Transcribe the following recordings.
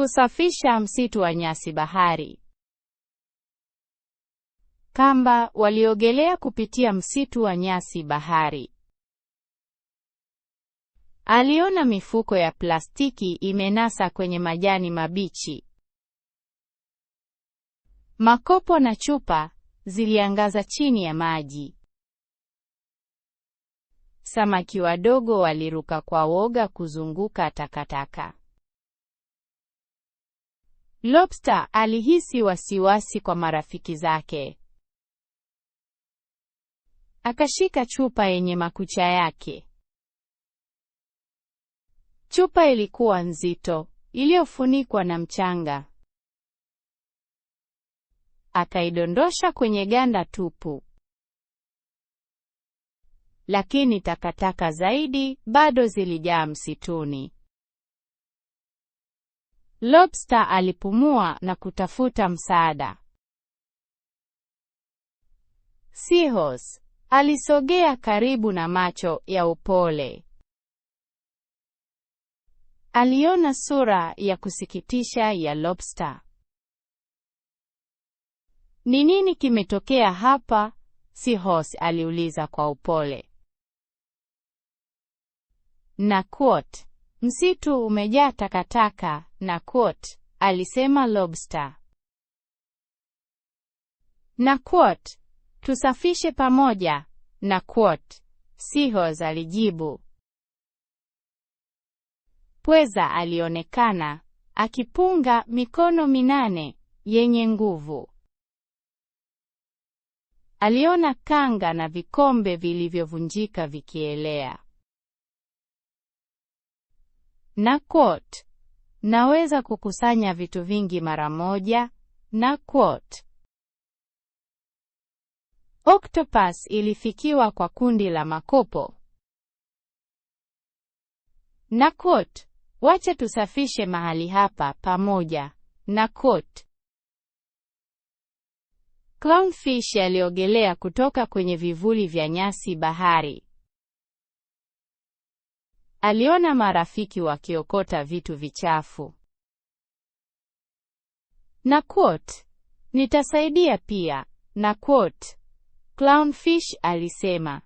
Kusafisha msitu wa nyasi bahari. Kamba waliogelea kupitia msitu wa nyasi bahari. Aliona mifuko ya plastiki imenasa kwenye majani mabichi. Makopo na chupa ziliangaza chini ya maji. Samaki wadogo waliruka kwa woga kuzunguka takataka. Lobster alihisi wasiwasi kwa marafiki zake. Akashika chupa yenye makucha yake. Chupa ilikuwa nzito, iliyofunikwa na mchanga. Akaidondosha kwenye ganda tupu. Lakini takataka zaidi bado zilijaa msituni. Lobster alipumua na kutafuta msaada. Seahorse alisogea karibu na macho ya upole. Aliona sura ya kusikitisha ya Lobster. Ni nini kimetokea hapa? Seahorse aliuliza kwa upole. Na quote, msitu umejaa takataka na quote, alisema Lobster na quote, tusafishe pamoja na quote, Seahorse alijibu. Pweza alionekana akipunga mikono minane yenye nguvu. Aliona kanga na vikombe vilivyovunjika vikielea. Na quote, Naweza kukusanya vitu vingi mara moja na quote. Octopus ilifikiwa kwa kundi la makopo. Na quote, wacha tusafishe mahali hapa pamoja. Na quote. Clownfish aliogelea kutoka kwenye vivuli vya nyasi bahari. Aliona marafiki wakiokota vitu vichafu na quote, nitasaidia pia na quote, Clownfish alisema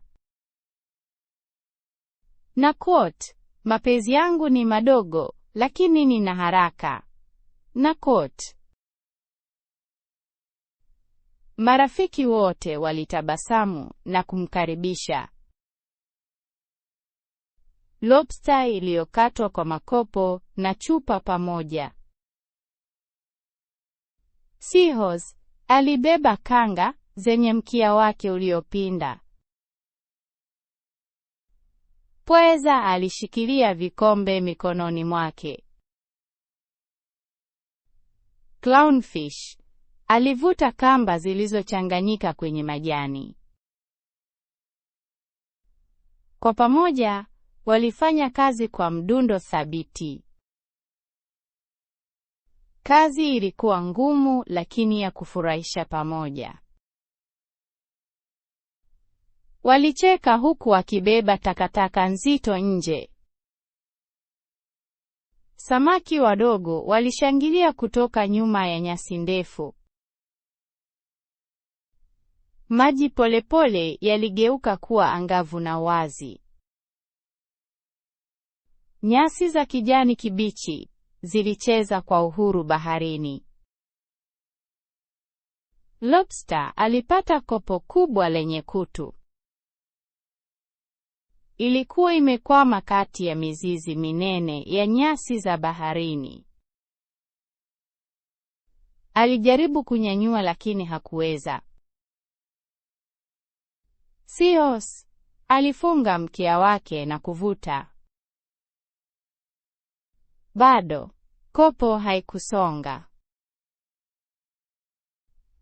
na quote, mapenzi yangu ni madogo lakini nina haraka na quote. Marafiki wote walitabasamu na kumkaribisha lobster iliyokatwa kwa makopo na chupa pamoja. Seahorse alibeba kanga zenye mkia wake uliopinda. Pweza alishikilia vikombe mikononi mwake. Clownfish alivuta kamba zilizochanganyika kwenye majani. Kwa pamoja walifanya kazi kwa mdundo thabiti. Kazi ilikuwa ngumu lakini ya kufurahisha pamoja. Walicheka huku wakibeba takataka nzito nje. Samaki wadogo walishangilia kutoka nyuma ya nyasi ndefu. Maji polepole yaligeuka kuwa angavu na wazi. Nyasi za kijani kibichi zilicheza kwa uhuru baharini. Lobster alipata kopo kubwa lenye kutu. Ilikuwa imekwama kati ya mizizi minene ya nyasi za baharini. Alijaribu kunyanyua lakini hakuweza. Sios alifunga mkia wake na kuvuta. Bado kopo haikusonga.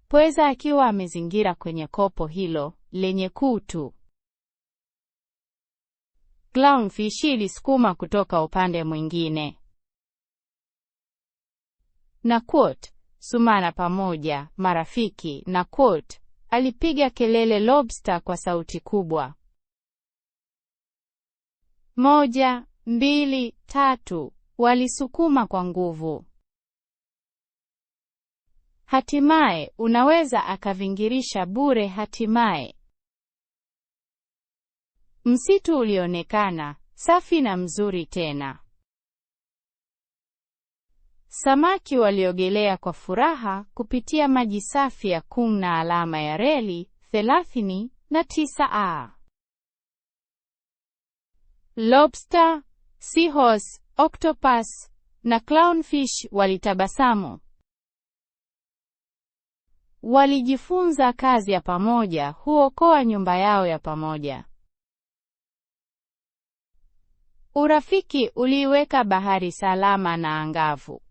Pweza akiwa amezingira kwenye kopo hilo lenye kutu. Clownfish ilisukuma kutoka upande mwingine na quote, sumana pamoja marafiki na quote, alipiga kelele lobster kwa sauti kubwa. Moja, mbili, tatu walisukuma kwa nguvu. Hatimaye unaweza akavingirisha bure. Hatimaye msitu ulionekana safi na mzuri tena. Samaki waliogelea kwa furaha kupitia maji safi ya kum na alama ya reli 39A. Lobster, seahorse octopus na clownfish walitabasamu. Walijifunza kazi ya pamoja huokoa nyumba yao ya pamoja. Urafiki uliiweka bahari salama na angavu.